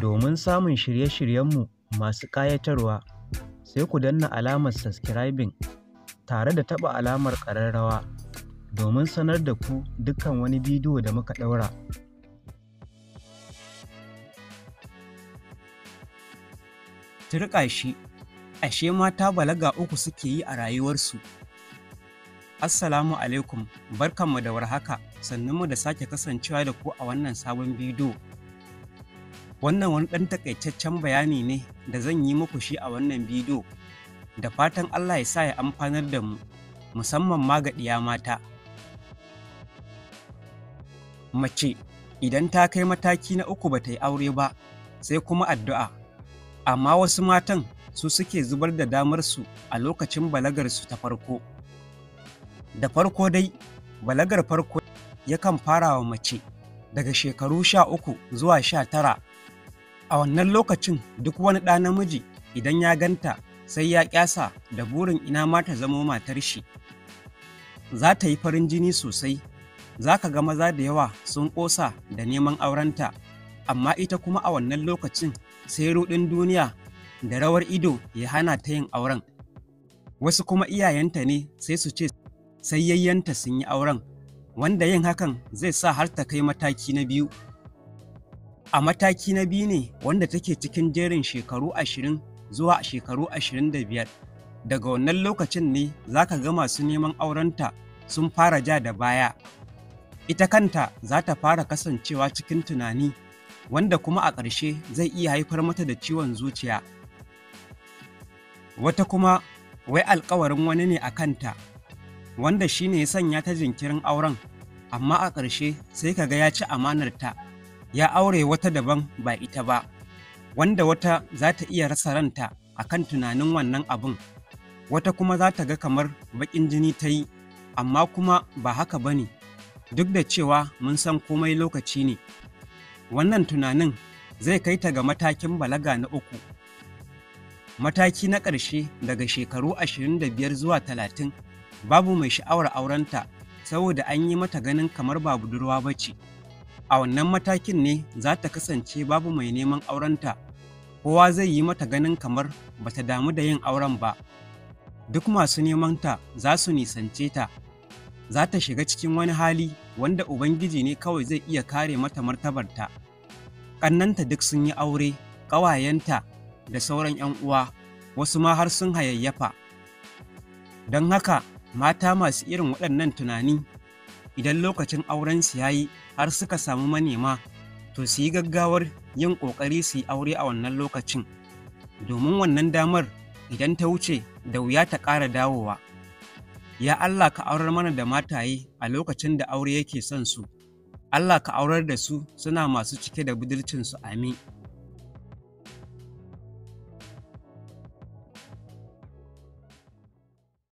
Domin samun shirye-shiryenmu masu ƙayatarwa, sai ku danna alamar subscribing tare da taɓa alamar ƙararrawa domin sanar da ku dukkan wani bidiyo da muka ɗaura. Turƙa shi, ashe mata balaga uku suke yi a rayuwarsu. Assalamu alaikum, barkanmu da warhaka, sannan mu da sake kasancewa da ku a wannan sabon bidiyo. wannan wani ɗan takaitaccen bayani ne da zan yi muku shi a wannan bidiyo da fatan Allah ya sa ya amfanar da mu musamman ma ga ɗiya mata mace idan ta kai mataki na uku ba ta yi aure ba sai kuma addu'a amma wasu matan su suke zubar da damar su a lokacin balagarsu ta farko da farko dai balagar farko yakan fara wa mace daga shekaru sha uku zuwa sha tara A wannan lokacin duk wani ɗa namiji idan ya ganta sai ya ƙyasa da burin ina mata ta zamo matar shi. Za ta yi farin jini sosai, za ka ga maza da yawa sun ƙosa da neman aurenta, amma ita kuma a wannan lokacin sai ruɗin duniya da rawar ido ya hana ta yin auren. Wasu kuma iyayenta ne sai su ce sai yayyanta sun yi auren, wanda yin hakan zai sa har ta kai mataki na biyu. a mataki na biyu ne wanda take cikin jerin shekaru ashirin zuwa shekaru ashirin da biyar, daga wannan lokacin ne za ka ga masu neman aurenta sun fara ja da baya ita kanta za ta fara kasancewa cikin tunani wanda kuma a ƙarshe zai iya haifar mata da ciwon zuciya wata kuma wai alkawarin wani ne a kanta wanda shi ne ya sanya ta jinkirin auren amma a ƙarshe sai ka ga ya ci amanarta ya aure wata daban ba ita ba, wanda wata za ta iya rasa ranta a kan tunanin wannan abin, wata kuma za ta ga kamar baƙin jini ta yi, amma kuma ba haka ba ne, duk da cewa mun san komai lokaci ne. Wannan tunanin zai kai ta ga matakin balaga na uku. Mataki na ƙarshe daga shekaru ashirin da biyar zuwa talatin babu mai sha'awar aurenta saboda an yi mata ganin kamar ba budurwa ba ce. a wannan matakin ne za ta kasance babu mai neman aurenta kowa zai yi mata ganin kamar ba ta damu da yin auren ba duk masu nemanta za su nisance ta za ta shiga cikin wani hali wanda ubangiji ne kawai zai iya kare mata martabarta ƙannanta duk sun yi aure ƙawayenta da sauran 'yan uwa wasu ma har sun hayayyafa don haka mata masu irin waɗannan tunani idan lokacin aurensu ya yi har suka samu manema to su yi gaggawar yin ƙoƙari su yi aure a wannan lokacin domin wannan damar idan ta wuce da wuya ta ƙara dawowa ya Allah ka aurar mana da mataye a lokacin da aure yake son su Allah ka aurar da su suna masu cike da su amin